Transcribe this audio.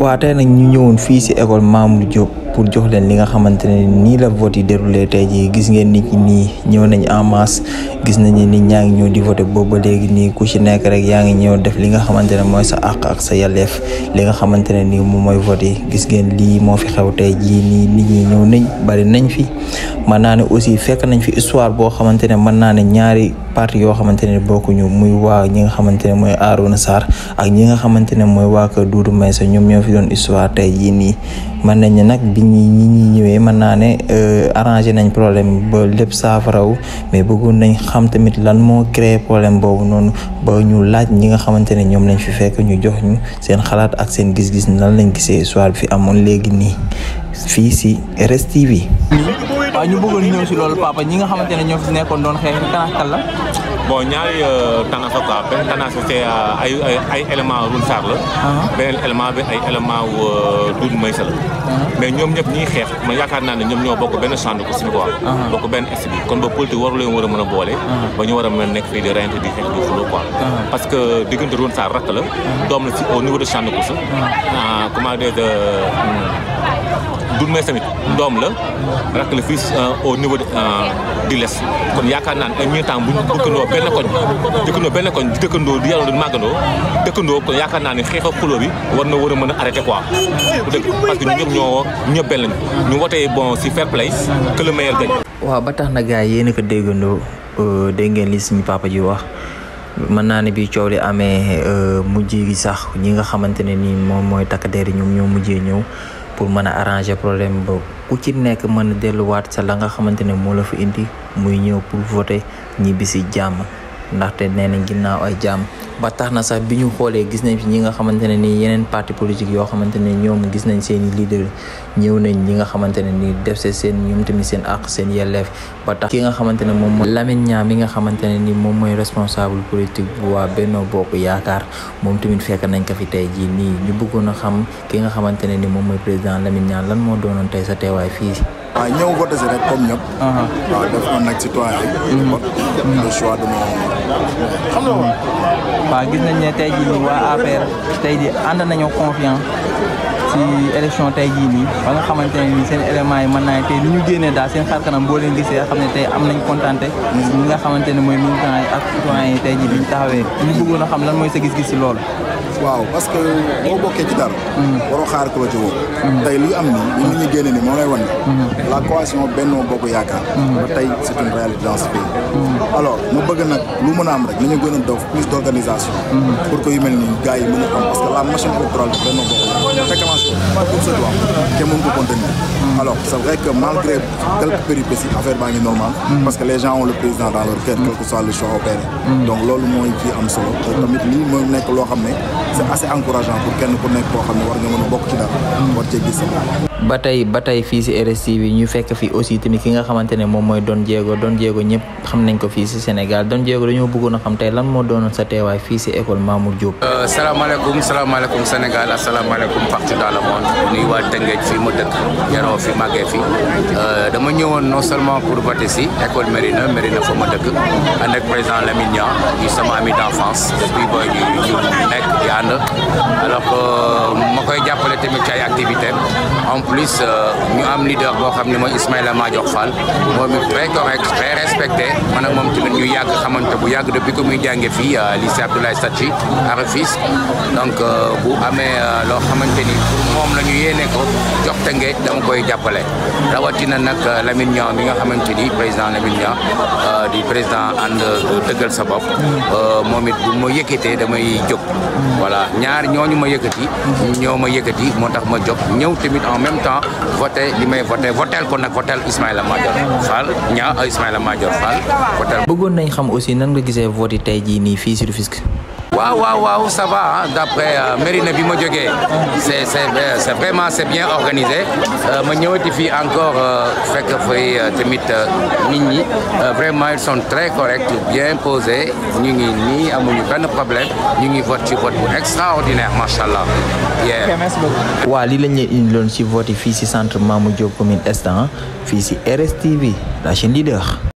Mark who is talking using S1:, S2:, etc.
S1: waa tey nag ñu ñëwoon fii si école Mamour Diop pour jox leen li nga xamante ne nii la vote yi déroulé tey jii gis ngeen nit ñi ñëw nañ en masse gis nañ ni ñaa ngi ñëw di voté booba léegi nii ku ci nekk rek yaa ngi ñëw def li nga xamante ne mooy sa àq ak sa yelleef li nga xamante ne nii moom mooy vote yi gis ngeen lii moo fi xew tey jii nii nit ñi ñëw nañ bari nañ fi mën naa ne aussi fekk nañ fi histoire boo xamante ne mën naa ne ñaari partie yoo xamante ne ñu muy waaw ñi nga xamante ne mooy Arouna Sarr ak ñi nga xamante ne mooy waa kër may Meysa ñoom ñoo fi doon histoire tey nii mën nii ñi ñuy ñëwee mën naa ne euh, arrangé nañ problème ba lépp saafaraw mais bëggoon nañ xam tamit lan moo créer problème boobu noonu ba ñu laaj ñi nga xamante ne ñoom lañ fi fekk ñu jox ñu seen xalaat ak seen gis-gis nan lañ gisee histoire bi fi amoon léegi nii fii si RS TV waaw ñu bëggoon ñëw si loolu papa ñi nga xamante ne ñoo fi nekkoon doon xeex tanaas kan la.
S2: bon ñaari euh, tanaas la quoi benn tanaas bi c'est euh, ay ay éléments Roune la. Uh-huh. beneen élément bi ay éléments wu euh, uh-huh. mais ñoom ñëpp ñiy xeex ma yaakaar naa ne ñoom ñoo bokk benn champ de course bi quoi. Uh-huh. bokk benn est bi kon ba a mën a boole. ba ñu war a mën di reyante di xeex di parce que diggante Roune Sarr rakk la. doom la ci au niveau de champ de course. Ah, comment dire hmm, Doudou Maïssa tamit doom la rakk la fii Euh, au niveau di euh, les kon yaakaar naan ay militant bu dëkkandoo benn koñ dëkkandoo benn koñ di dëkkandoo di yàlla du màggandoo dëkkandoo kon yaakaar naa ne xeexoo xuloo yi war na war a mën a arrêté quoi dëgg parce que ñu ñëpp ñoo ñëpp benn ñu wotee bon si fair play que le meilleur
S1: waaw ba tax na gaa yi yéen a ko déggandoo euh, dégg ngeen li suñu papa ji wax mën naa ne bi coow li amee mujj gi sax ñi nga xamante ne nii moom mooy takk der yi ñoom ñoo mujjee ñëw pour mën a arranger problème boobu ku ci nekk mën a delluwaat sa la nga xamante ne moo la fa indi muy ñëw pour voter ñibbi si jàmm. ndaxte nee nañ ginnaaw ay jaam ba tax na sax bi ñu xoolee gis nañ fi ñi nga xamante ne nii yeneen parti politique yoo xamante ne ñoom gis nañ seen i leader ñëw nañ ñi nga xamante ne nii def see seen ñoom tamit seen ak seen yelleef ba tax ki nga xamante ne moom mooy Lamine Niang mi nga xamante ne nii moom mooy responsable politique bu waa Benno Bokk Yaakaar moom tamit fekk nañ ko fi tey jii nii ñu bëggoon a xam ki nga xamante ne ni moom mooy président Lamine Niang lan moo doonoon tey sa teewaay fii ah ñëw voté si rek comme ñëpp. waaw def un acte citoyen. le choix de mhm. gis nañ ne tey jii waa APR tey jii ànd nañoo confiance ci élection tey jii nii ba nga xamante ne seen éléments yi mën naa tey ni ñu génnee daal seen xar kanam boo leen gisee xam ne tey am nañ kontante. Mhm. ñi nga xamante ne mooy militants yi ak citoyens yi tey jii bi ñu taxawee ñu bëggoon a xam lan mooy sa gis-gis si loolu. waaw parce que boo bokkee ci dara. Mm. waroo xaar ku la ci tey li am nii li nit ñi mm. génne nii moo lay wan. Mm. la coalition Benno Bokk Yaakaar. ba tey c' est mu bëgg nag lu mën a am rek nañu gën a def plus d' pour que yu mel ni gars yi mu a am parce que la machine électorale Benno Bokk Yaakaar fekk naa si woon. te mun ko contenir. alors c'est vrai que malgré quelques péripéties affaire baa normal mm. parce que les gens ont le président dans leur cœur mm. quel soit le choix opéré donc loolu mooy ci am solo te tamit lii mooy nekk loo xam ne c'est assez encourageant pour kenn ku nekk koo xam ne war nga a bokk ci dara mm. war cee ba tey ba tey fii si RSTV ñu fekk fi aussi tamit ki nga xamante ne moom mooy doon Diego doon Diego ñëpp xam nañ ko fii si Sénégal Don Diego dañoo bëggoon a xam tey lan moo doon sa teewaay fii si école Mamour Diop.
S3: Euh, salaamaaleykum salaamaaleykum Sénégal asalaamaaleykum partout dans le monde nuyu waa Tëngéej fii ma dëkk yaroo fi màggee fi euh, dama ñëwoon non seulement pour voter si école Mérina Mérina fa ma dëkk ànd ak président Lamine Niang sama ami d'enfance depuis ba ñu ñu nekk euh, koy jàppale tamit ci plus euh, ñu am leader boo xam ne mooy Ismaïla Madior Fall moom it très correct très respecté man moom tamit ñu yàgg xamante bu yàgg bi que muy jànge fii euh, lycée Abdoulaye Sadji à Rufisque donc euh, bu amee loo xamante ni pour moom la ñu yéene ko jox Tëngéej dama koy jàppale rawatina nag Lamine Niang mi nga xamante ni président Lamine Niang di président ànd dëggal sa bopp moom it bu ma damay jóg voilà ñaar ñooñu ma yëkkati ñoo ma yëkkati moo tax ma jóg ñëw tamit en même même temps voté li may voté votel ko nag votel Ismaïla Madior Fall ñaa Ismaïla Madior Fall votel
S1: bëggoon nañ xam aussi nan nga gisee vote yi tey jii nii fii si Rufisque
S3: waaw waaw waaw ça va d'après euh, bi ma jógee c'est c'est euh, vraiment c'est bien organisé euh, ma ñëwati fii encore fekk fay tamit nit ñi vraiment sont très corrects bien posés ñu ngi nii amuñu benn problème ñu ngi vote ci vote bu extraordinaire macha allah.
S1: waaw lii la ñuy indi loon ci vote fii ci centre Mamou Diop commune Est fii ci RSTV la chaîne leader.